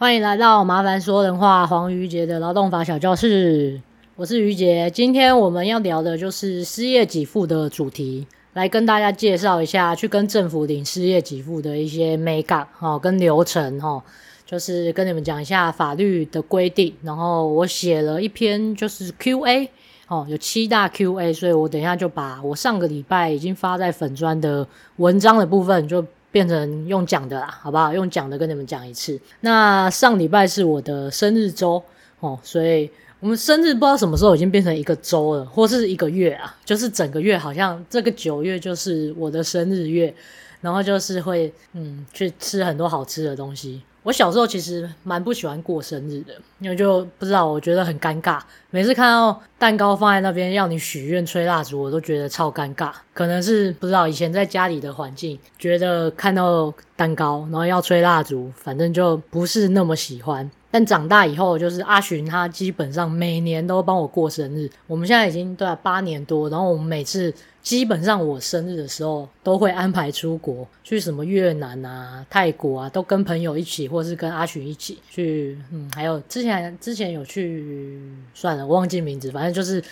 歡迎來到麻煩說人話黃於杰的勞動法小教室，我是於杰。今天我們要聊的就是失業給付的主題，來跟大家介紹一下去跟政府領失業給付的一些美感哈，跟流程哈、哦，就是跟你們講一下法律的規定。然後我寫了一篇就是 QA 哦，有七大 QA，所以我等一下就把我上個禮拜已經發在粉專的文章的部分就。變成用講的啦，好不好？用講的跟你們講一次。那上禮拜是我的生日週哦，嗯，所以我們生日不知道什麼時候已經變成一個週了，或是一個月啊，就是整個月，好像這個九月就是我的生日月，然後就是會嗯去吃很多好吃的東西。我小時候其實蠻不喜歡過生日的，因為就不知道，我覺得很尷尬。每次看到蛋糕放在那邊，要你許願、吹蠟燭，我都覺得超尷尬。可能是不知道以前在家裡的環境，覺得看到蛋糕，然後要吹蠟燭，反正就不是那麼喜歡。但長大以後，就是阿尋他基本上每年都幫我過生日，我們現在已經都要八年多，然後我們每次。基本上我生日的時候都會安排出國，去什麼越南啊、泰國啊，都跟朋友一起，或者是跟阿群一起去。嗯，還有之前之前有去，算了，我忘記名字，反正就是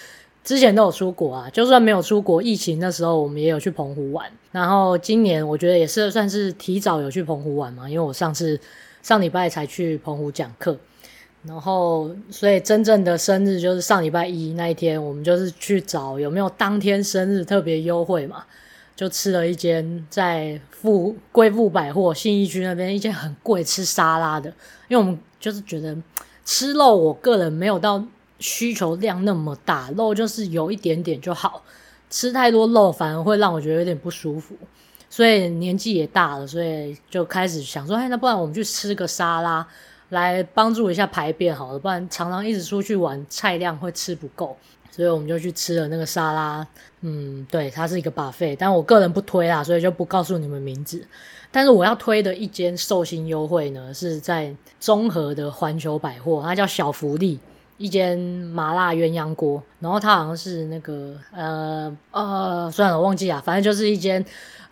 之前都有出國啊。就算沒有出國，疫情那時候我們也有去澎湖玩。然後今年我覺得也是算是提早有去澎湖玩嘛，因為我上次上禮拜才去澎湖講課。然後，所以真正的生日就是上禮拜一那一天，我們就是去找有沒有當天生日特別優惠嘛，就吃了一間在富貴婦百貨信義區那邊一間很貴吃沙拉的，因為我們就是覺得吃肉，我個人沒有到需求量那麼大，肉就是有一點點就好，吃太多肉反而會讓我覺得有點不舒服，所以年紀也大了，所以就開始想說，哎，那不然我們去吃個沙拉。來幫助一下排便好了，不然常常一直出去玩，菜量會吃不夠，所以我們就去吃了那個沙拉。嗯，對，它是一個 buffet，但我個人不推啦，所以就不告訴你們名字。但是我要推的一間壽星優惠呢，是在中和的環球百貨，它叫小福利。一間麻辣鴛鴦鍋，然後它好像是那個呃呃，算了，雖然我忘記啦。反正就是一間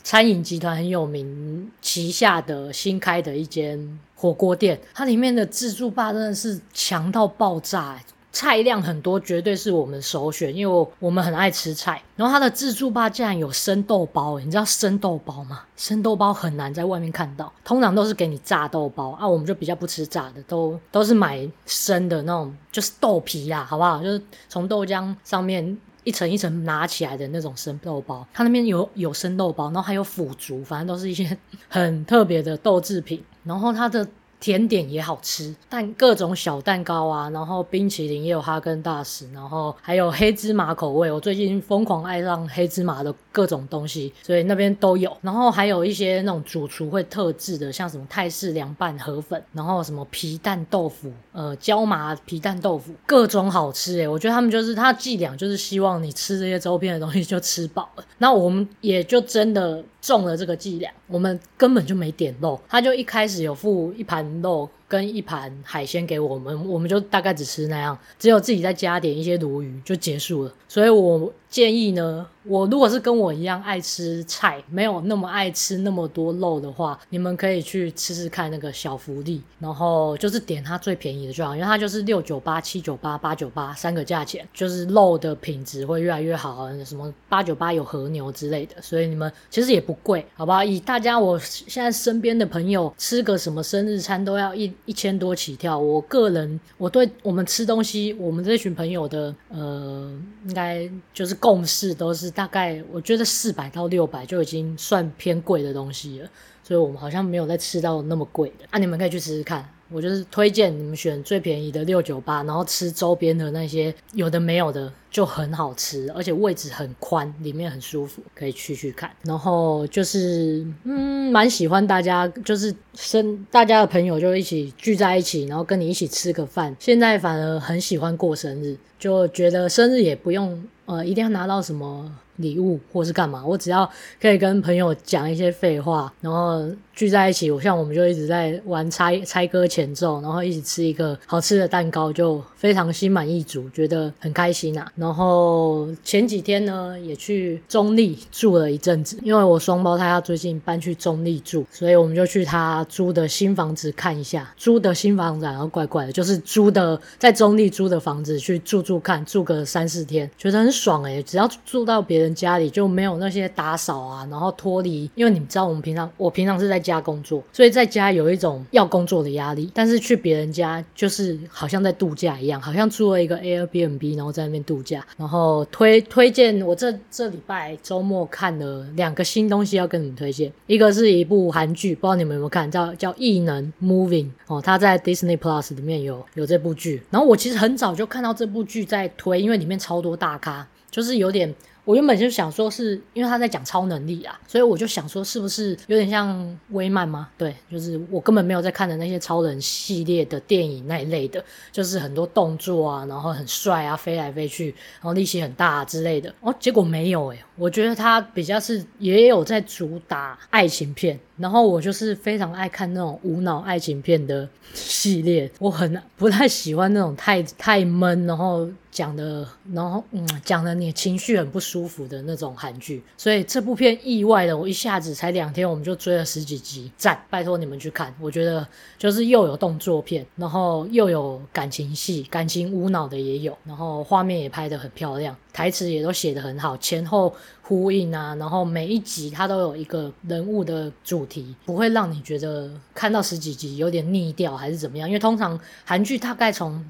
餐飲集團很有名旗下的新開的一間火鍋店，它裡面的自助吧真的是強到爆炸欸。菜量很多，絕對是我們首選，因為我們很愛吃菜。然後它的自助吧竟然有生豆包，欸，你知道生豆包嗎？生豆包很難在外面看到，通常都是給你炸豆包啊，我們就比較不吃炸的，都都是買生的那種，就是豆皮呀，啊，好不好？就是從豆漿上面一層一層拿起來的那種生豆包。它那邊有有生豆包，然後還有腐竹，反正都是一些很特別的豆製品。然後它的。甜點也好吃，但各種小蛋糕啊，然後冰淇淋也有哈根達斯，然後還有黑芝麻口味。我最近瘋狂愛上黑芝麻的各種東西，所以那邊都有。然後還有一些那種主廚會特制的，像什麼泰式涼拌河粉，然後什麼皮蛋豆腐，呃，椒麻皮蛋豆腐，各種好吃、欸。誒我覺得他們就是他伎倆，就是希望你吃這些周邊的東西就吃飽了。那我們也就真的。中了這個伎倆，我們根本就沒點肉，他就一開始有付一盤肉。分一盤海鮮給我們，我們就大概只吃那樣，只有自己再加點一些鱸魚就結束了。所以我建議呢，我如果是跟我一樣愛吃菜，沒有那麼愛吃那麼多肉的話，你們可以去吃吃看那個小福利，然後就是點它最便宜的就好，因為它就是六九八、七九八、八九八三個價錢，就是肉的品質會越來越好啊，什麼八九八有和牛之類的，所以你們其實也不貴，好不好？以大家我現在身邊的朋友吃個什麼生日餐都要一。一千多起跳，我個人我對我們吃東西，我們這群朋友的呃，應該就是共識都是大概，我覺得四百到六百就已經算偏貴的東西了，所以我們好像沒有再吃到那麼貴的，啊，你們可以去試試看。我就是推薦你們選最便宜的六九八，然後吃周邊的那些有的沒有的就很好吃，而且位置很寬，裡面很舒服，可以去去看。然後就是嗯，蠻喜歡大家就是生，大家的朋友就一起聚在一起，然後跟你一起吃個飯。現在反而很喜歡過生日，就覺得生日也不用呃，一定要拿到什麼。禮物或是幹嘛，我只要可以跟朋友講一些廢話，然後聚在一起。我像我們就一直在玩猜猜歌前奏，然後一起吃一個好吃的蛋糕，就非常心滿意足，覺得很開心啊。然後前幾天呢，也去中壢住了一陣子，因為我雙胞胎他最近搬去中壢住，所以我們就去他租的新房子看一下，租的新房子啊，然後怪怪的，就是租的在中壢租的房子去住住看，住個三四天，覺得很爽誒，只要住到別人家裡就沒有那些打掃啊，然後脫離，因為你們知道我們平常我平常是在家工作，所以在家有一種要工作的壓力。但是去別人家就是好像在度假一樣，好像住了一個 Airbnb，然後在那邊度假。然後推推薦我這這禮拜周末看了兩個新東西要跟你們推薦，一個是一部韓劇，不知道你們有沒有看叫叫《異能 Moving》哦，他在 Disney Plus 裡面有有這部劇。然後我其實很早就看到這部劇在推，因為裡面超多大咖，就是有點。我原本就想說是，是因為他在講超能力啊，所以我就想說，是不是有點像威漫嗎？對，就是我根本沒有在看的那些超人系列的電影那一類的，就是很多動作啊，然後很帥啊，飛來飛去，然後力氣很大啊，之類的。哦，結果沒有誒、欸。我覺得他比較是也有在主打愛情片，然後我就是非常愛看那種無腦愛情片的 系列，我很不太喜歡那種太太悶，然後。講的，然後嗯，講的你的情緒很不舒服的那種韓劇，所以這部片意外的，我一下子才兩天，我們就追了十幾集，讚，拜託你們去看，我覺得就是又有動作片，然後又有感情戲，感情無腦的也有，然後畫面也拍得很漂亮，台詞也都寫得很好，前後呼應啊，然後每一集它都有一個人物的主題，不會讓你覺得看到十幾集有點膩掉還是怎麼樣，因為通常韓劇大概從。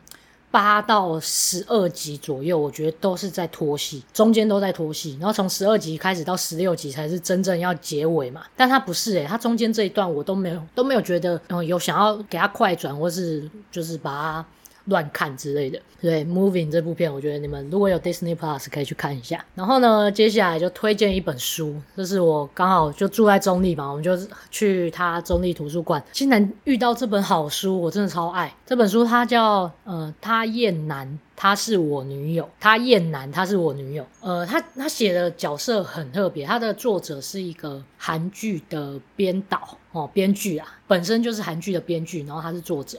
八到十二集左右，我覺得都是在拖戲，中間都在拖戲，然後從十二集開始到十六集才是真正要結尾嘛。但它不是欸，它中間這一段我都沒有都沒有覺得，嗯，有想要給他快轉，或是就是把它。亂看之類的，對，《Moving》這部片，我覺得你們如果有 Disney Plus 可以去看一下。然後呢，接下來就推薦一本書，這是我剛好就住在中壢嘛，我們就去他中壢圖書館，竟然遇到這本好書，我真的超愛。這本書它叫呃，他厭男，他是我女友，他厭男，他是我女友。呃，他他寫的角色很特別，他的作者是一個韓劇的編導哦，編劇啊，本身就是韓劇的編劇，然後他是作者。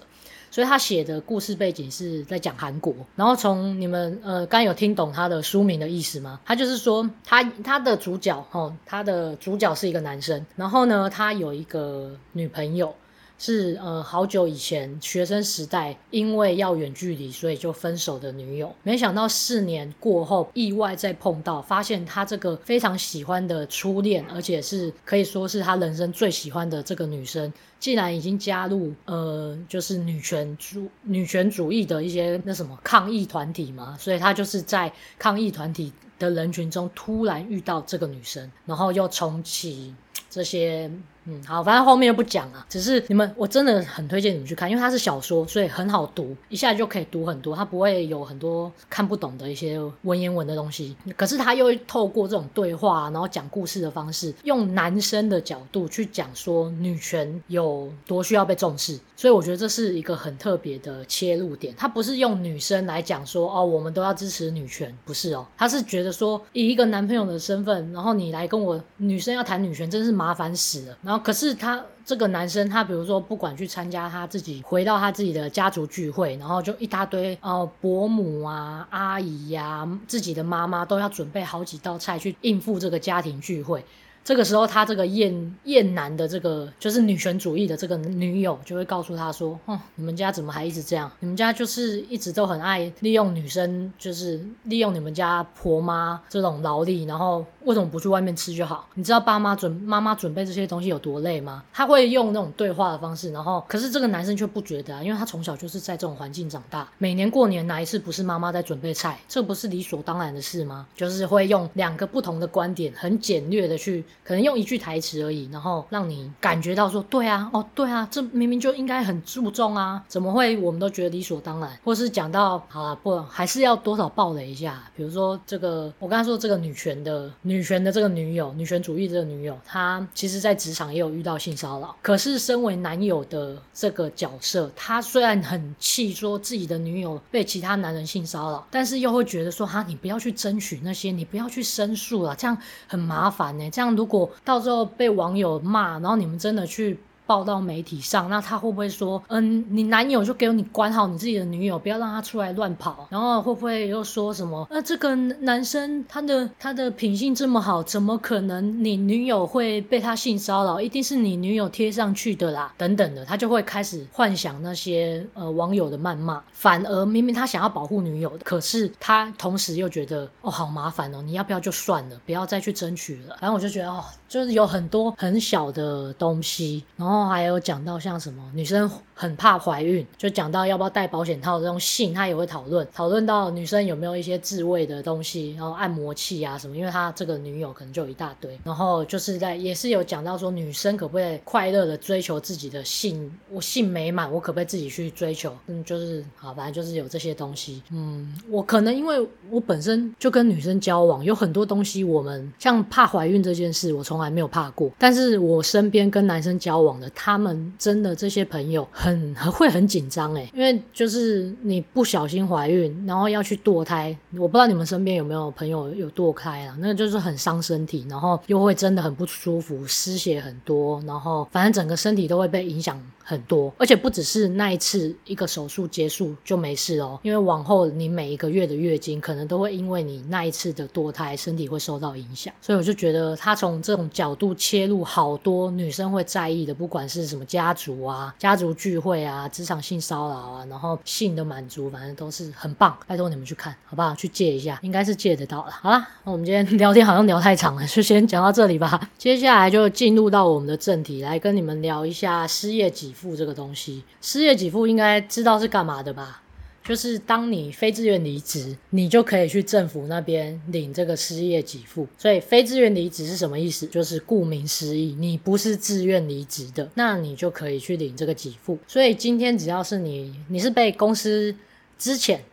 所以他寫的故事背景是在講韓國，然後從你們呃剛有聽懂他的書名的意思嗎？他就是說他他的主角哦，他的主角是一個男生，然後呢，他有一個女朋友。是呃，好久以前學生時代，因為要遠距離，所以就分手的女友。沒想到四年過後，意外再碰到，發現她這個非常喜歡的初戀，而且是可以說是她人生最喜歡的這個女生，竟然已經加入呃，就是女權主女權主義的一些那什麼抗議團體嘛。所以她就是在抗議團體的人群中突然遇到這個女生，然後又重啟這些。嗯，好，反正後面就不講了啊。只是你們，我真的很推薦你們去看，因為它是小說，所以很好讀，一下就可以讀很多，它不會有很多看不懂的一些文言文的東西。可是他又透過這種對話，然後講故事的方式，用男生的角度去講說女權有多需要被重視。所以我覺得這是一個很特別的切入點。他不是用女生來講說哦，我們都要支持女權，不是哦，他是覺得說以一個男朋友的身份，然後你來跟我女生要談女權，真是麻煩死了。然後。可是他這個男生，他比如說，不管去參加他自己回到他自己的家族聚會，然後就一大堆哦、呃，伯母啊、阿姨呀、啊，自己的媽媽都要準備好幾道菜去應付這個家庭聚會。這個時候，他這個厭厭男的這個就是女權主義的這個女友就會告訴他說：“哼、嗯，你們家怎麼還一直這樣？你們家就是一直都很愛利用女生，就是利用你們家婆媽這種勞力，然後為什麼不去外面吃就好？你知道爸媽準媽媽準備這些東西有多累嗎？他會用那種對話的方式，然後可是這個男生卻不覺得、啊，因為他從小就是在這種環境長大。每年過年哪一次不是媽媽在準備菜？這不是理所當然的事嗎？就是會用兩個不同的觀點，很簡略的去。”可能用一句台詞而已，然後讓你感覺到說：“對啊，哦，對啊，這明明就應該很注重啊，怎麼會我們都覺得理所當然？”或是講到好了，不還是要多少暴雷一下？比如說這個，我剛才說這個女權的女權的這個女友，女權主義這個女友，她其實在職場也有遇到性騷擾。可是身為男友的這個角色，他雖然很氣，說自己的女友被其他男人性騷擾，但是又會覺得說：“哈，你不要去爭取那些，你不要去申訴了，這樣很麻煩呢、欸。”這樣如果如果到時候被網友罵，然後你們真的去，報到媒體上，那他會不會說，嗯、呃，你男友就給你管好你自己的女友，不要讓他出來亂跑，然後會不會又說什麼？那、呃、這個男生他的他的品性這麼好，怎麼可能你女友會被他性騷擾？一定是你女友貼上去的啦，等等的，他就會開始幻想那些呃網友的謾罵，反而明明他想要保護女友，可是他同時又覺得哦好麻煩哦，你要不要就算了，不要再去爭取了。然後我就覺得哦。就是有很多很小的東西，然後還有講到像什麼女生很怕懷孕，就講到要不要戴保險套這種性，他也會討論，討論到女生有沒有一些自慰的東西，然後按摩器啊什麼，因為他這個女友可能就一大堆，然後就是在也是有講到說女生可不可以快樂的追求自己的性，我性美滿，我可不可以自己去追求？嗯，就是好，反正就是有這些東西，嗯，我可能因為我本身就跟女生交往，有很多東西，我們像怕懷孕這件事，我從從來沒有怕過，但是我身邊跟男生交往的，他們真的這些朋友很會很緊張誒、欸，因為就是你不小心懷孕，然後要去墮胎，我不知道你們身邊有沒有朋友有墮胎啊，那個就是很傷身體，然後又會真的很不舒服，失血很多，然後反正整個身體都會被影響很多，而且不只是那一次一個手術結束就沒事哦，因為往後你每一個月的月經可能都會因為你那一次的墮胎，身體會受到影響，所以我就覺得他從這種。角度切入，好多女生會在意的，不管是什麼家族啊、家族聚會啊、職場性騷擾啊，然後性的滿足，反正都是很棒。拜託你們去看，好不好？去借一下，應該是借得到了。好啦，那我們今天聊天好像聊太長了，就先講到這裡吧。接下來就進入到我們的正題，來跟你們聊一下失業給付這個東西。失業給付應該知道是幹嘛的吧？就是當你非自願離職，你就可以去政府那邊領這個失業給付。所以非自願離職是什麼意思？就是顧名思義，你不是自願離職的，那你就可以去領這個給付。所以今天只要是你，你是被公司之前，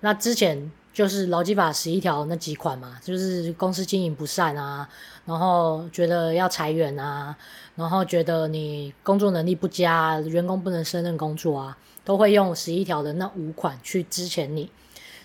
那之前就是勞基法十一條那幾款嘛，就是公司經營不善啊，然後覺得要裁員啊，然後覺得你工作能力不佳，員工不能勝任工作啊。都會用十一條的那五款去資遣你，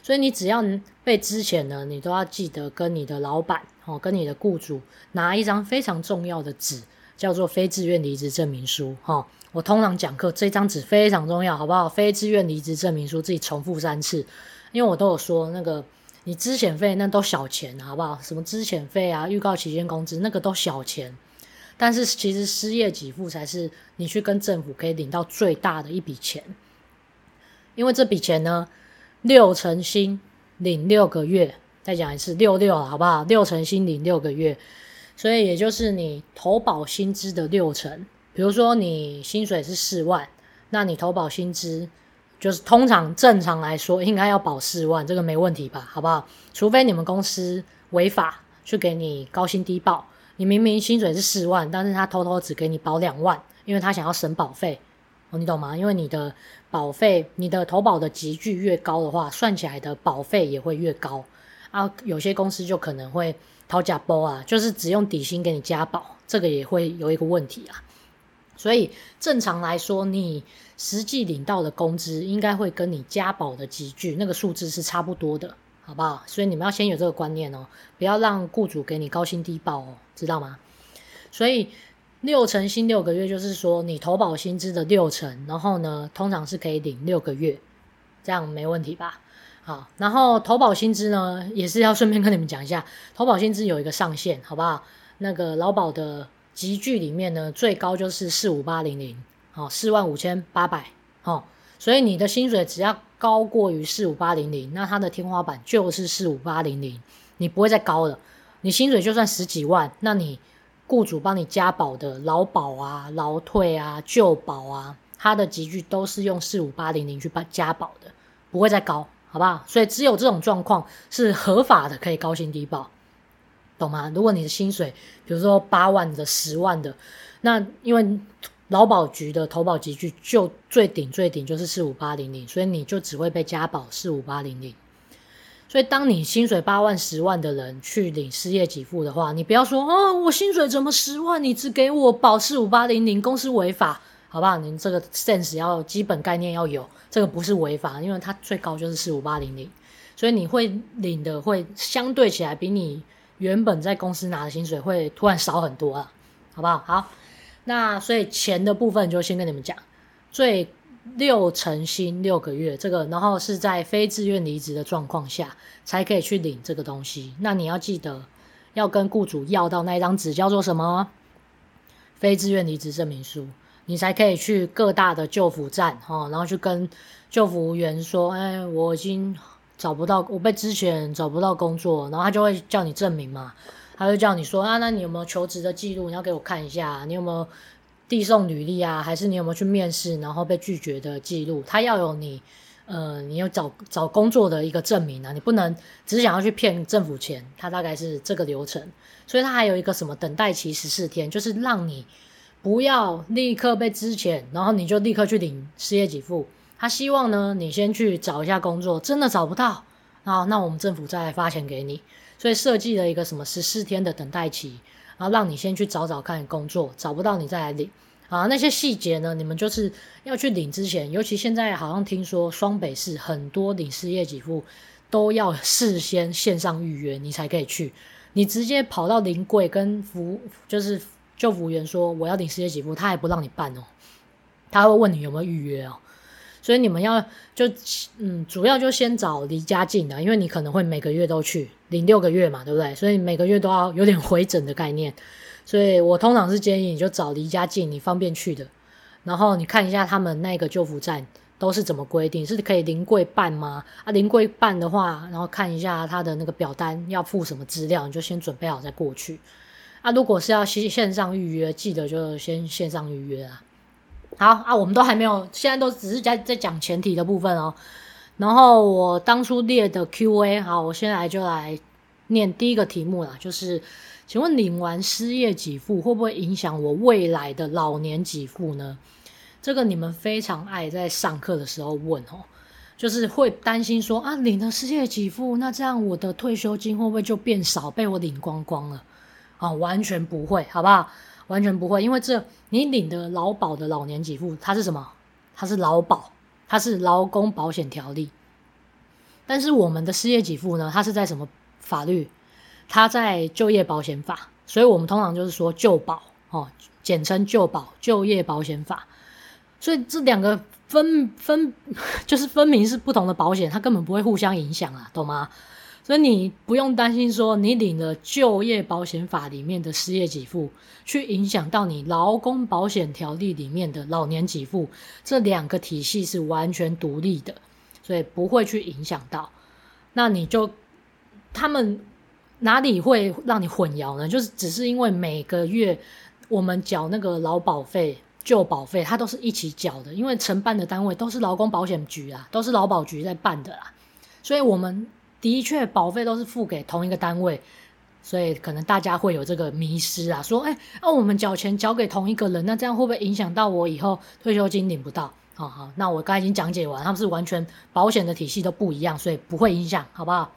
所以你只要被資遣呢，你都要記得跟你的老板哦，跟你的雇主拿一張非常重要的紙，叫做非自願離職證明書。哈，我通常講課這張紙非常重要，好不好？非自願離職證明書自己重複三次，因為我都有說那個你資遣費那都小錢，好不好？什麼資遣費啊、預告期間工資那個都小錢，但是其實失業給付才是你去跟政府可以領到最大的一筆錢。因為這筆錢呢，六成薪領六個月，再講一次六六了，6, 6, 好不好？六成薪領六個月，所以也就是你投保薪資的六成。比如說你薪水是四萬，那你投保薪資就是通常正常來說應該要保四萬，這個沒問題吧？好不好？除非你們公司違法去給你高薪低報，你明明薪水是四萬，但是他偷偷只給你保兩萬，因為他想要省保費。哦、你懂嗎？因為你的保費，你的投保的級距越高的話，算起來的保費也會越高啊。有些公司就可能會偷吃步啊，就是只用底薪給你加保，這個也會有一個問題啊。所以正常來說，你實際領到的工資應該會跟你加保的級距那個數字是差不多的，好不好？所以你們要先有這個觀念哦，不要讓雇主給你高薪低報哦，知道嗎？所以。六成薪六個月，就是說你投保薪資的六成，然後呢，通常是可以領六個月，這樣沒問題吧？好，然後投保薪資呢，也是要順便跟你們講一下，投保薪資有一個上限，好不好？那個勞保的級距裡面呢，最高就是四五八零零，好，四萬五千八百，好，所以你的薪水只要高過於四五八零零，那它的天花板就是四五八零零，你不會再高了。你薪水就算十幾萬，那你。雇主幫你加保的勞保啊、勞退啊、就保啊，他的級距都是用四五八零零去把加保的，不會再高，好不好？所以只有這種狀況是合法的，可以高薪低保，懂嗎？如果你的薪水，比如說八萬的、十萬的，那因為勞保局的投保級距就最頂最頂就是四五八零零，所以你就只會被加保四五八零零。所以，當你薪水八萬、十萬的人去領失業給付的話，你不要說哦，我薪水怎麼十萬？你只給我保四五八零零，45800, 公司違法，好不好？你這個 sense 要基本概念要有，這個不是違法，因為它最高就是四五八零零，所以你會領的會相對起來比你原本在公司拿的薪水會突然少很多了，好不好？好，那所以錢的部分就先跟你們講，最。六成薪，六個月，這個，然後是在非自願離職的狀況下才可以去領這個東西。那你要記得要跟僱主要到那一張紙，叫做什麼？非自願離職證明書，你才可以去各大的就服站、哦、然後去跟就服員說，哎，我已經找不到，我被之前找不到工作，然後他就會叫你證明嘛，他就叫你說啊，那你有沒有求職的記錄？你要給我看一下，你有沒有？遞送履歷啊，還是你有沒有去面試，然後被拒絕的記錄？他要有你，呃，你要找找工作的一個證明啊，你不能只想要去騙政府錢。他大概是這個流程，所以他還有一個什麼等待期十四天，就是讓你不要立刻被資遣，然後你就立刻去領失業給付。他希望呢，你先去找一下工作，真的找不到，然後那我們政府再發錢給你。所以設計了一個什麼十四天的等待期。然後讓你先去找找看工作，找不到你再來領。啊，那些細節呢？你們就是要去領之前，尤其現在好像聽說雙北市很多領失業給付都要事先線上預約，你才可以去。你直接跑到臨櫃跟服就是就服務員說，我要領失業給付，他還不讓你辦哦。他會問你有沒有預約哦。所以你們要就嗯，主要就先找離家近的，因為你可能會每個月都去。零六個月嘛，對不對？所以每個月都要有點回診的概念，所以我通常是建議你就找離家近，你方便去的，然後你看一下他們那個就服站都是怎麼規定，是可以臨櫃辦嗎？啊，臨櫃辦的話，然後看一下他的那個表單要附什麼資料，你就先準備好再過去。啊，如果是要線上預約，記得就先線上預約啊。好啊，我們都還沒有，現在都只是在在講前提的部分哦。然後我當初列的 Q&A，好，我先來就來念第一個題目啦，就是，請問領完失業給付會不會影響我未來的老年給付呢？這個你們非常愛在上課的時候問哦，就是會擔心說啊，領了失業給付，那這樣我的退休金會不會就變少，被我領光光了？啊、哦，完全不會，好不好？完全不會，因為這你領的勞保的老年給付，它是什麼？它是勞保。它是勞工保險條例，但是我們的失業給付呢？它是在什麼法律？它在就業保險法，所以我們通常就是說就保哦，簡稱就保，就業保險法。所以這兩個分分就是分明是不同的保險，它根本不會互相影響啊，懂嗎？那你不用擔心，說你領了就業保險法裡面的失業給付，去影響到你勞工保險條例裡面的老年給付，這兩個體系是完全獨立的，所以不會去影響到。那你就他們哪裡會讓你混淆呢？就是只是因為每個月我們繳那個勞保費、就保費，它都是一起繳的，因為承辦的單位都是勞工保險局啊，都是勞保局在辦的啦，所以我們。的確，保費都是付給同一個單位，所以可能大家會有這個迷思啊，說，哎、欸，那、啊、我們繳錢交給同一個人，那這樣會不會影響到我以後退休金領不到？好、哦、好，那我剛才已經講解完，他們是完全保險的體系都不一樣，所以不會影響，好不好？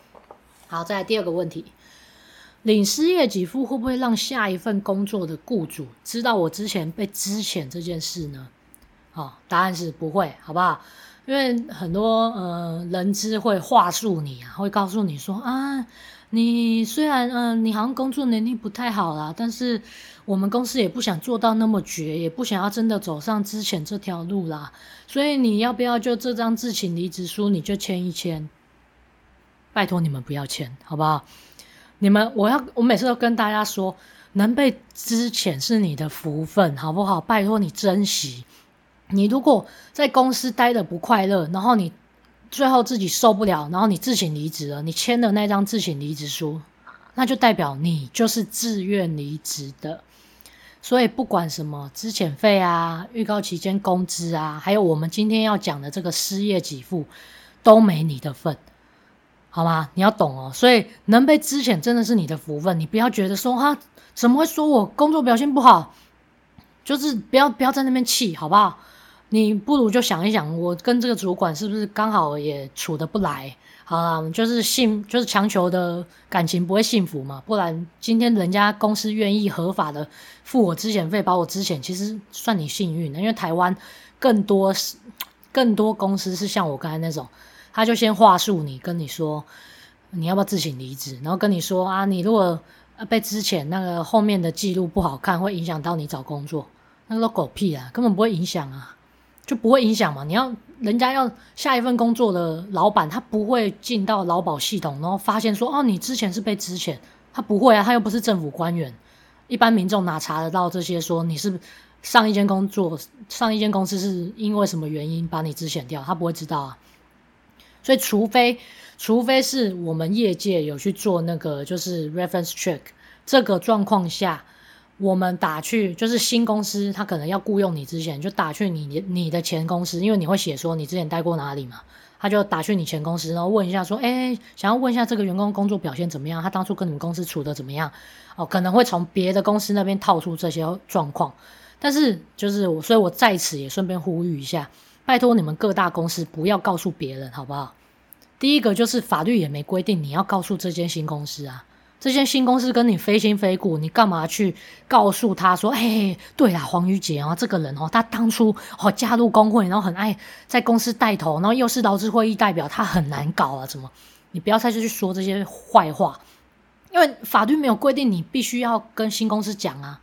好，再來第二個問題，領失業給付會不會讓下一份工作的雇主知道我之前被資遣這件事呢？好、哦，答案是不會，好不好？因為很多呃人資會話術你啊，會告訴你說啊，你雖然嗯、呃、你好像工作能力不太好啦，但是我們公司也不想做到那麼絕，也不想要真的走上資遣這條路啦，所以你要不要就這張自請離職書你就簽一簽？拜托你們不要簽，好不好？你們我要我每次都跟大家說，能被資遣是你的福分，好不好？拜托你珍惜。你如果在公司待得不快樂，然後你最後自己受不了，然後你自行離職了，你簽的那張自行離職書，那就代表你就是自願離職的。所以不管什麼資遣費啊、預告期間工資啊，還有我們今天要講的這個失業給付，都沒你的份，好嗎？你要懂哦。所以能被資遣真的是你的福分，你不要覺得說啊，怎麼會說我工作表現不好，就是不要不要在那邊氣，好不好？你不如就想一想，我跟這個主管是不是剛好也處得不來？好，就是幸就是強求的感情不會幸福嘛。不然今天人家公司願意合法的付我資遣費，把我資遣，其實算你幸運的。因為台灣更多更多公司是像我剛才那種，他就先話術你，跟你說你要不要自行離職，然後跟你說啊，你如果被資遣那個後面的記錄不好看，會影響到你找工作。那個都狗屁啊，根本不會影響啊。就不會影響嘛？你要人家要下一份工作的老板，他不會進到勞保系統，然後發現說哦，你之前是被資遣，他不會啊，他又不是政府官員，一般民眾哪查得到這些說？說你是上一間工作，上一間公司是因為什麼原因把你資遣掉，他不會知道啊。所以，除非除非是我們業界有去做那個就是 reference check 這個狀況下。我們打去就是新公司，他可能要雇傭你之前，就打去你，你的前公司，因為你會寫說你之前待過哪裡嘛，他就打去你前公司，然後問一下說，哎、欸，想要問一下這個員工工作表現怎麼樣？他當初跟你們公司處得怎麼樣？哦，可能會從別的公司那邊套出這些狀況。但是就是我，所以我在此也順便呼籲一下，拜託你們各大公司不要告訴別人，好不好？第一個就是法律也沒規定你要告訴這間新公司啊。這些新公司跟你非親非故，你幹嘛去告訴他說，嘿、嘿，對啦玉啊，黃瑜姐啊，這個人哦，他當初哦加入工會，然後很愛在公司帶頭，然後又是勞資會議代表，他很難搞啊！怎麼？你不要再去說這些壞話，因為法律沒有規定你必須要跟新公司講啊。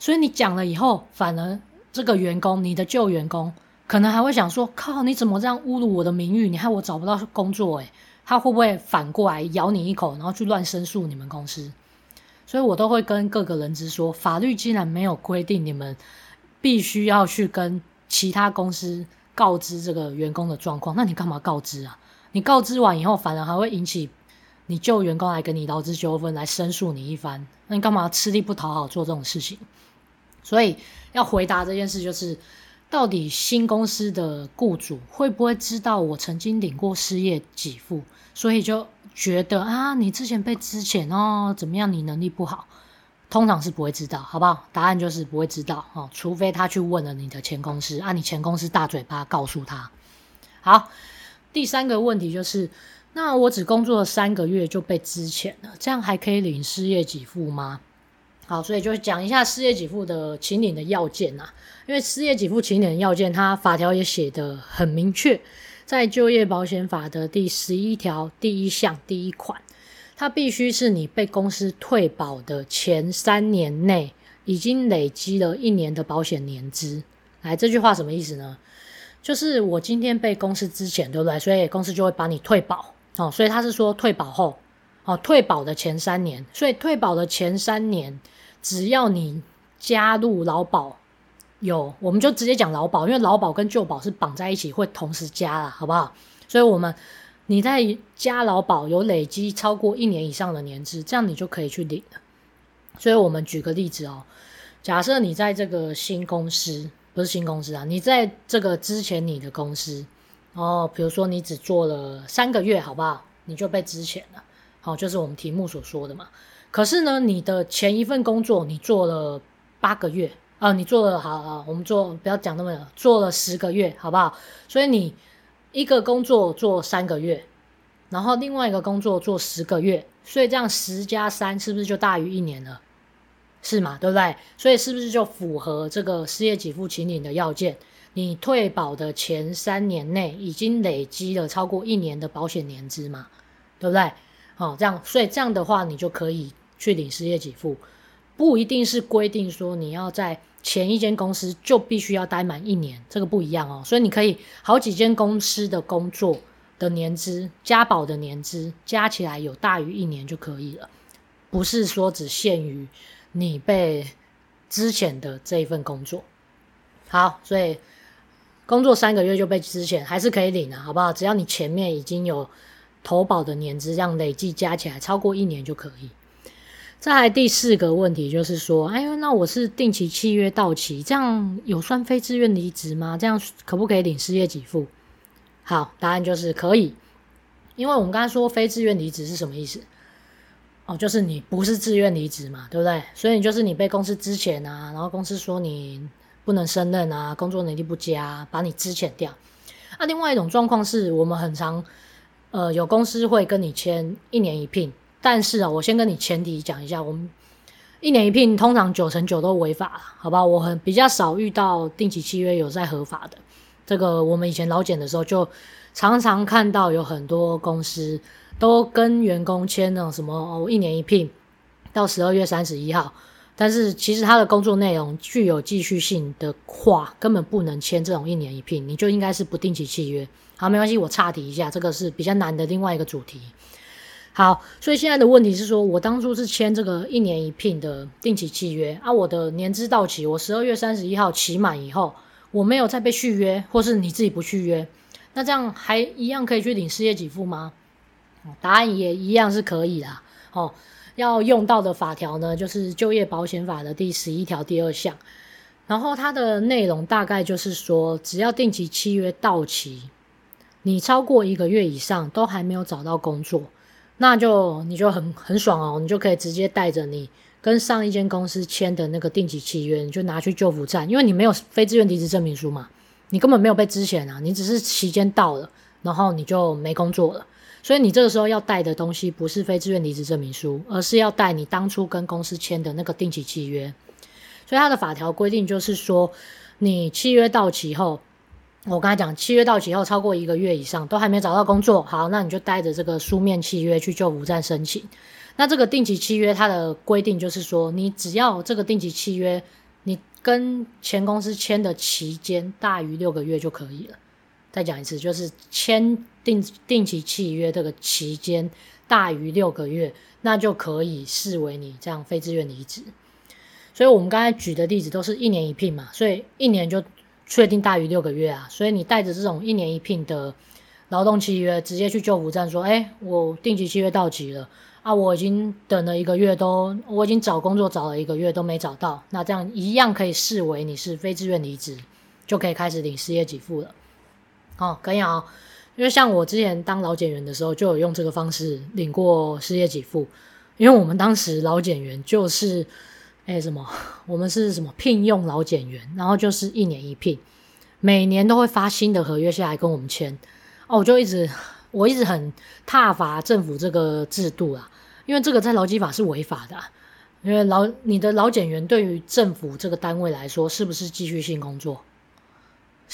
所以你講了以後，反而這個員工，你的舊員工可能還會想說：靠，你怎麼這樣侮辱我的名譽？你害我找不到工作，欸，哎。他會不會反過來咬你一口，然後去亂申訴你們公司？所以我都會跟各個人資說，法律既然沒有規定你們必須要去跟其他公司告知這個員工的狀況，那你幹嘛告知啊？你告知完以後，反而還會引起你舊員工來跟你勞資糾紛，來申訴你一番，那你幹嘛吃力不討好做這種事情？所以要回答這件事就是。到底新公司的雇主會不會知道我曾經領過失業給付？所以就覺得啊，你之前被資遣哦，怎麼樣？你能力不好，通常是不會知道，好不好？答案就是不會知道哦，除非他去問了你的前公司啊，你前公司大嘴巴告訴他。好，第三個問題就是，那我只工作了三個月就被資遣了，這樣還可以領失業給付嗎？好，所以就講一下失業給付的請領的要件呐、啊。因為失業給付請領的要件，它法條也寫得很明確，在就業保險法的第十一條第一項第一款，它必須是你被公司退保的前三年內，已經累積了一年的保險年資。來，這句話什麼意思呢？就是我今天被公司資遣，對不對？所以公司就會把你退保。哦，所以他是說退保後。哦，退保的前三年，所以退保的前三年，只要你加入勞保，有，我們就直接講勞保，因為勞保跟舊保是綁在一起，會同時加了，好不好？所以我們，你在加勞保有累積超過一年以上的年資，這樣你就可以去領了。所以我們舉個例子哦，假設你在這個新公司，不是新公司啊，你在這個之前你的公司哦，比如說你只做了三個月，好不好？你就被資遣了。好、哦，就是我們題目所說的嘛。可是呢，你的前一份工作你做了八個月啊，你做了好好、啊，我們做不要講那麼多做了十個月，好不好？所以你一個工作做三個月，然後另外一個工作做十個月，所以這樣十加三是不是就大於一年了？是嘛，對不對？所以是不是就符合這個失業給付請領的要件？你退保的前三年內已經累積了超過一年的保險年資嘛，對不對？好、哦，這樣，所以這樣的話，你就可以去領失業給付，不一定是規定說你要在前一間公司就必須要待滿一年，這個不一樣哦。所以你可以好幾間公司的工作的年資、加保的年資加起來有大於一年就可以了，不是說只限於你被資遣的這一份工作。好，所以工作三個月就被資遣還是可以領了、啊、好不好？只要你前面已經有。投保的年資這樣累計加起來超過一年就可以。再來第四個問題，就是說，哎，那我是定期契約到期，這樣有算非自願離職嗎？這樣可不可以領失業給付？好，答案就是可以，因為我們剛才說非自願離職是什麼意思？哦，就是你不是自願離職嘛，對不對？所以就是你被公司資遣啊，然後公司說你不能勝任啊，工作能力不佳，把你資遣掉。啊，另外一種狀況是我們很常。呃，有公司會跟你簽一年一聘，但是啊、哦，我先跟你前提講一下，我們一年一聘通常九成九都違法，好吧？我很比較少遇到定期契約有在合法的，這個我們以前勞檢的時候就常常看到有很多公司都跟員工簽那種什麼哦，一年一聘到十二月三十一號。但是其實他的工作內容具有繼續性的話，根本不能簽這種一年一聘，你就應該是不定期契約。好，沒關係，我岔題一下，這個是比較難的另外一個主題。好，所以現在的問題是說，我當初是簽這個一年一聘的定期契約，啊，我的年資到期，我十二月三十一號期滿以後，我沒有再被續約，或是你自己不續約，那這樣還一樣可以去領失業給付嗎？答案也一樣是可以啦，哦。要用到的法條呢，就是《就業保險法》的第十一條第二項，然後它的內容大概就是說，只要定期契約到期，你超過一個月以上都還沒有找到工作，那就你就很很爽哦，你就可以直接帶着你跟上一間公司簽的那個定期契約，你就拿去就服站，因為你沒有非自願離職證明書嘛，你根本沒有被資遣啊，你只是期間到了，然後你就沒工作了。所以你這個時候要帶的東西不是非自願離職證明書，而是要帶你當初跟公司簽的那個定期契約。所以它的法條規定就是說，你契約到期後，我剛才講契約到期後超過一個月以上都還沒找到工作，好，那你就帶着這個書面契約去就服站申請。那這個定期契約它的規定就是說，你只要這個定期契約你跟前公司簽的期間大於六個月就可以了。再講一次，就是簽訂定期契約這個期間大於六個月，那就可以視為你這樣非自願離職。所以，我們剛才舉的例子都是一年一聘嘛，所以一年就確定大於六個月啊。所以，你帶着這種一年一聘的勞動契約，直接去就服站說：“哎，我定期契約到期了啊，我已經等了一個月都，我已經找工作找了一個月都沒找到，那這樣一樣可以視為你是非自願離職，就可以開始領失業給付了。”哦，可以哦，因為像我之前當勞檢員的時候，就有用這個方式領過失業給付。因為我們當時勞檢員就是，哎，什麼？我們是什麼聘用勞檢員，然後就是一年一聘，每年都會發新的合約下來跟我們簽。哦，我就一直，我一直很撻伐政府這個制度啊，因為這個在勞基法是違法的啊。因為勞，你的勞檢員對於政府這個單位來說，是不是繼續性工作？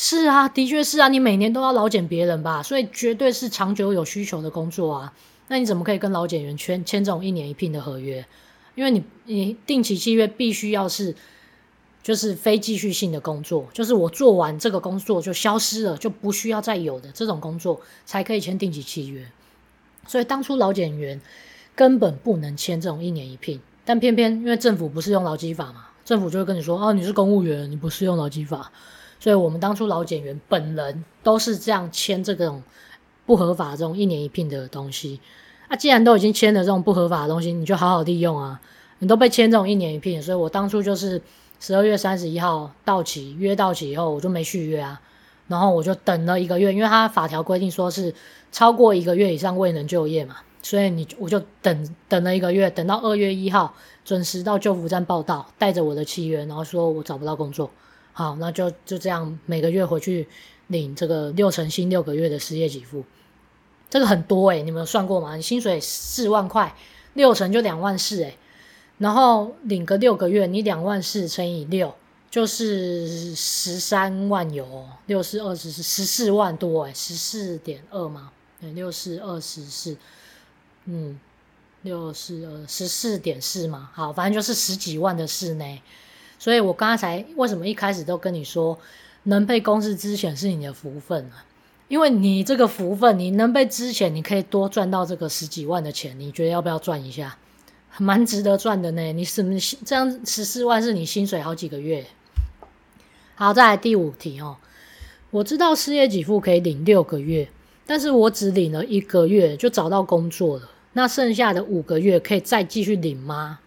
是啊，的確是啊，你每年都要勞檢別人吧，所以絕對是長久有需求的工作啊。那你怎麼可以跟勞檢員簽簽這種一年一聘的合約？因為你你定期契約必須要是就是非繼續性的工作，就是我做完這個工作就消失了，就不需要再有的這種工作才可以簽定期契約。所以當初勞檢員根本不能簽這種一年一聘，但偏偏因為政府不是用勞基法嘛，政府就會跟你說哦、啊，你是公務員，你不是用勞基法。所以我們當初勞檢員本人都是這樣簽這種不合法這種一年一聘的東西。啊，既然都已經簽了這種不合法的東西，你就好好利用啊！你都被簽這種一年一聘，所以我當初就是十二月三十一號到期，約到期以後，我就沒續約啊。然後我就等了一個月，因為他法條規定說是超過一個月以上未能就業嘛，所以你我就等，等了一個月，等到二月一號準時到就服站報到，帶着我的契約，然後說我找不到工作。好，那就就這樣，每個月回去領這個六成薪，六個月的失業給付，這個很多誒、欸、你們有算過嗎？你薪水四萬塊，六成就兩萬四誒、欸、然後領個六個月，你兩萬四乘以六就是十三萬有、哦，六四二十四十四萬多誒十四點二嗎？六四二十四，六四二十四，嗯，六四二十四點四嘛，好，反正就是十幾萬的事呢。所以我剛才為什麼一開始都跟你說，能被公司資遣，是你的福分啊？因為你這個福分，你能被資遣，你可以多賺到這個十幾萬的錢。你覺得要不要賺一下？蠻值得賺的呢。你什麼這樣十四萬是你薪水好幾個月？好，再來第五題哦。我知道失業給付可以領六個月，但是我只領了一個月就找到工作了。那剩下的五個月可以再繼續領嗎？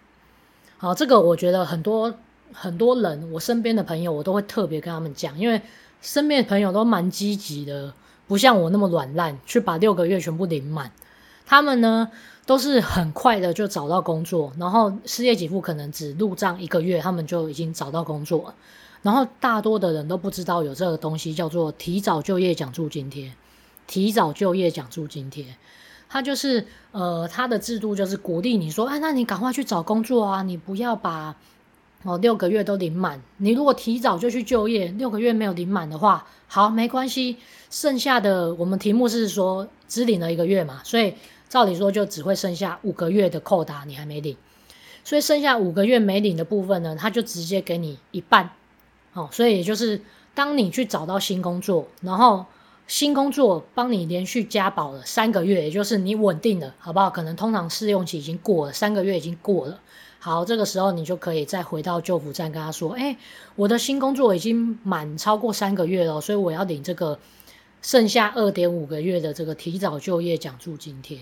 好，這個我覺得很多。很多人，我身邊的朋友，我都會特別跟他們講，因為身邊的朋友都蠻積極的，不像我那麼軟爛，去把六個月全部領滿。他們呢，都是很快的就找到工作，然後失業給付可能只入賬一個月，他們就已經找到工作了。然後大多的人都不知道有這個東西，叫做提早就業獎助津貼。提早就業獎助津貼，它就是呃，它的制度就是鼓勵你說，哎，那你趕快去找工作啊，你不要把。哦，六個月都領滿。你如果提早就去就業，六個月沒有領滿的話，好，沒關係。剩下的我們題目是說只領了一個月嘛，所以照理說就只會剩下五個月的扣打啊，你還沒領，所以剩下五個月沒領的部分呢，他就直接給你一半。哦，所以也就是當你去找到新工作，然後新工作幫你連續加保了三個月，也就是你穩定了，好不好？可能通常試用期已經過了，三個月已經過了。好，這個時候你就可以再回到就服站跟他說：“誒、欸、我的新工作已經滿超過三個月了，所以我要領這個剩下二點五個月的這個提早就業獎助津貼。”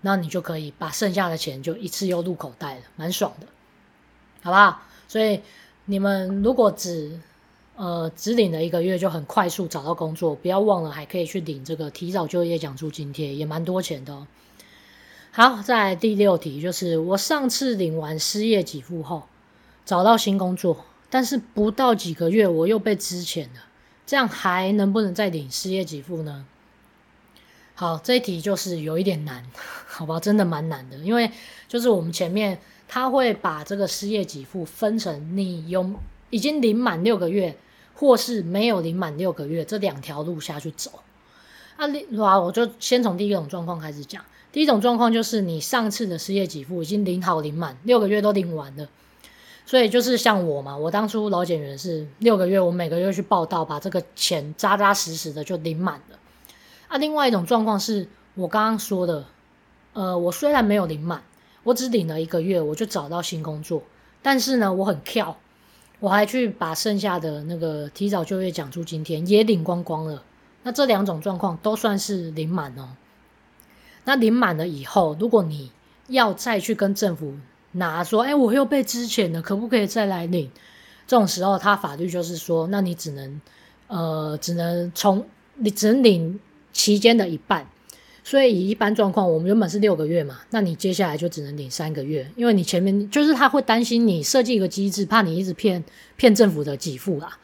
那你就可以把剩下的錢就一次又入口袋了，蠻爽的，好不好？所以你們如果只呃只領了一個月，就很快速找到工作，不要忘了還可以去領這個提早就業獎助津貼，也蠻多錢的哦。好，再來第六題就是我上次領完失業給付後，找到新工作，但是不到幾個月我又被資遣了，這樣還能不能再領失業給付呢？好，這一題就是有一點難，好吧，真的蠻難的，因為就是我們前面他會把這個失業給付分成你有已經領滿六個月，或是沒有領滿六個月這兩條路下去走。啊，那我就先從第一種狀況開始講。第一種狀況就是你上次的失業給付已經領好領滿六個月都領完了，所以就是像我嘛，我當初勞檢員，是六個月，我每個月去報到，把這個錢扎扎實實的就領滿了。啊，另外一種狀況是我剛剛說的，呃，我雖然沒有領滿，我只領了一個月，我就找到新工作，但是呢，我很跳，我還去把剩下的那個提早就業獎助津貼也領光光了。那這兩種狀況都算是領滿哦。那領滿了以後，如果你要再去跟政府拿說，哎，我又被資遣了，可不可以再來領？這種時候，他法律就是說，那你只能，呃，只能從你只能領期間的一半。所以，以一般狀況，我們原本是六個月嘛，那你接下來就只能領三個月，因為你前面就是他會擔心你設計一個機制，怕你一直騙騙政府的給付啦，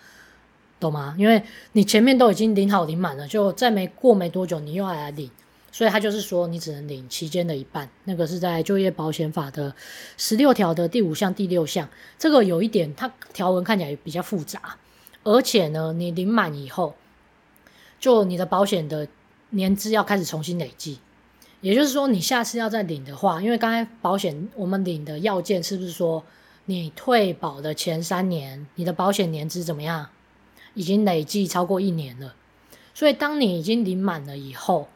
懂嗎？因為你前面都已經領好領滿了，就再沒過沒多久，你又來領。所以他就是說，你只能領期間的一半。那個是在就業保險法的十六條的第五項、第六項。這個有一點，它條文看起來也比較複雜。而且呢，你領滿以後，就你的保險的年資要開始重新累計。也就是說，你下次要再領的話，因為剛才保險我們領的要件是不是說，你退保的前三年，你的保險年資怎麼樣？已經累計超過一年了。所以當你已經領滿了以後，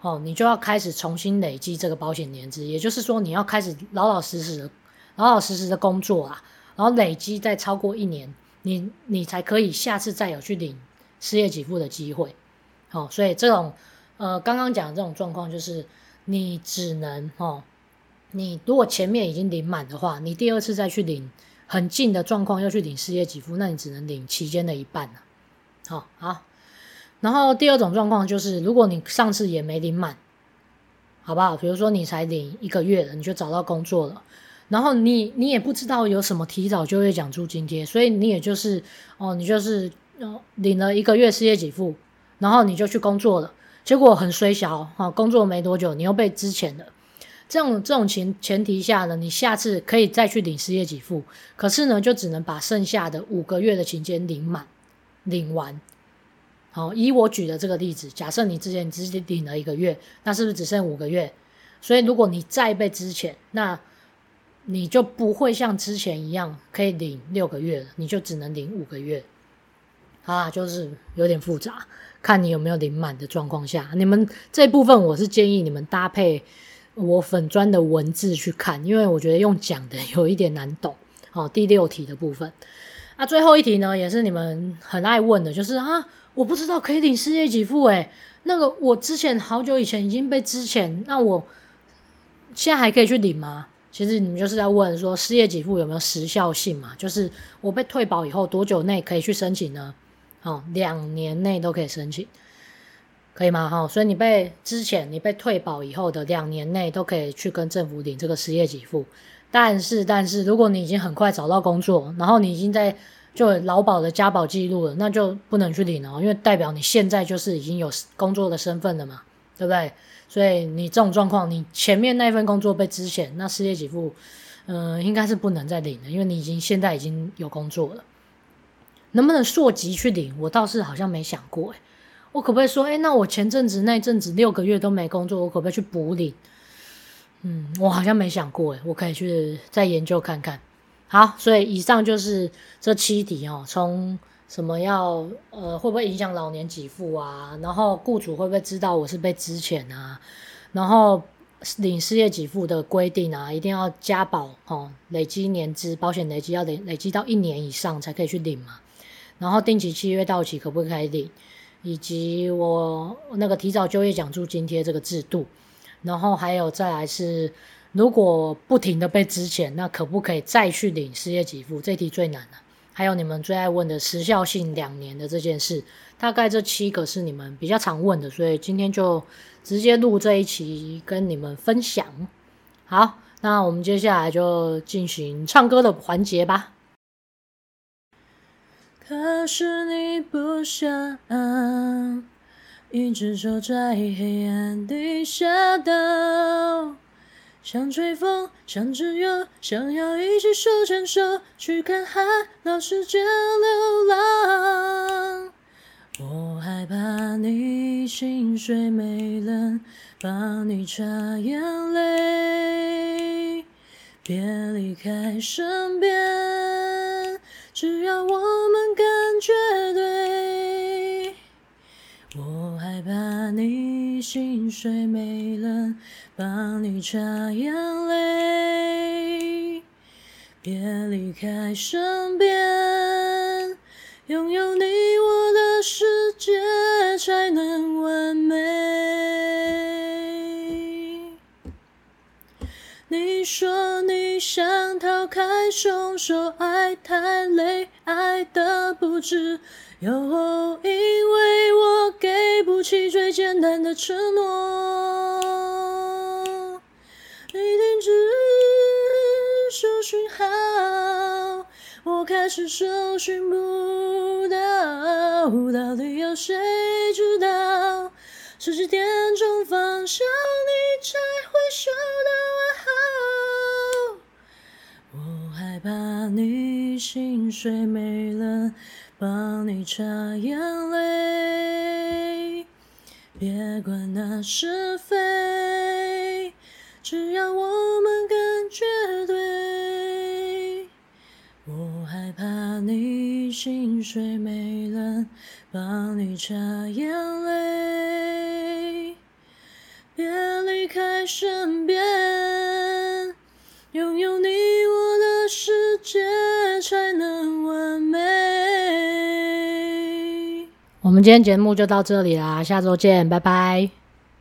哦，你就要開始重新累積這個保險年資，也就是說，你要開始老老實實的、的老老實實的工作啊，然後累積再超過一年，你你才可以下次再有去領失業給付的機會。哦，所以這種呃，剛剛講的這種狀況，就是你只能哦，你如果前面已經領滿的話，你第二次再去領很近的狀況要去領失業給付，那你只能領期間的一半了、啊哦。好，好。然後第二種狀況就是，如果你上次也沒領滿，好不好？比如說你才領一個月了，你就找到工作了，然後你你也不知道有什麼提早就業獎助津貼，所以你也就是哦，你就是領了一個月失業給付，然後你就去工作了，結果很衰小啊、哦，工作沒多久你又被資遣了。這種這種前前提下呢，你下次可以再去領失業給付，可是呢，就只能把剩下的五個月的期間領滿，領完。好，以我舉的這個例子，假設你之前只領了一個月，那是不是只剩五個月？所以如果你再被資遣，那你就不會像之前一樣可以領六個月，你就只能領五個月。啊，就是有點複雜，看你有沒有領滿的狀況下，你們這部分我是建議你們搭配我粉專的文字去看，因為我覺得用講的有一點難懂。好，第六題的部分，那、啊、最後一題呢，也是你們很愛問的，就是啊。我不知道可以領失業給付誒、欸，那個我之前好久以前已經被資遣，那我現在還可以去領嗎？其實你們就是在問說失業給付有沒有時效性嘛？就是我被退保以後多久內可以去申請呢？哦，兩年內都可以申請，可以嗎？哈，哦，所以你被資遣，你被退保以後的兩年內都可以去跟政府領這個失業給付，但是但是，如果你已經很快找到工作，然後你已經在。就勞保的加保紀錄了，那就不能去領了，因為代表你現在就是已經有工作的身份了嘛，對不對？所以你這種狀況，你前面那份工作被資遣，那失業給付，嗯、呃，應該是不能再領了，因為你已經現在已經有工作了。能不能溯及去領？我倒是好像沒想過、欸，誒，我可不可以說，哎、欸，那我前陣子那陣子六個月都沒工作，我可不可以去補領？嗯，我好像沒想過、欸，誒，我可以去再研究看看。好，所以以上就是這七題哦。從什麼要呃，會不會影響老年給付啊？然後雇主會不會知道我是被資遣啊？然後領失業給付的規定啊，一定要加保哦，累積年資、保險累積要累、累積到一年以上才可以去領嘛。然後定期契約到期可不可以領？以及我那個提早就業獎助津貼這個制度。然後還有再來是，如果不停的被資遣，那可不可以再去領失業給付？這題最難了。還有你們最愛問的時效性兩年的這件事，大概這七個是你們比較常問的，所以今天就直接錄這一期跟你們分享。好，那我們接下來就進行唱歌的環節吧。可是你不想，一直走在黑暗地下道，想吹風，想自由，想要一起手牽手去看海，繞世界流浪。我害怕你心碎沒人幫你擦眼淚，別離開身邊，只要我們感覺對。害怕你心碎，沒人幫你擦眼淚，別離開身邊。擁有你我的世界才能完美。你說你想逃開，鬆手愛太累，愛得不值。又因為我給不起最簡單的承諾，你停止收訊號，我開始搜尋不到，到底有誰知道？十七點鐘方向，你才會收到暗號，我害怕你心碎沒了。幫你擦眼淚，別管那是非，只要我們感覺對。我害怕你心碎，沒人幫你擦眼淚，別離開身邊。擁有你我的世界，才能完美。我們今天節目就到這裡啦，下週見，拜拜。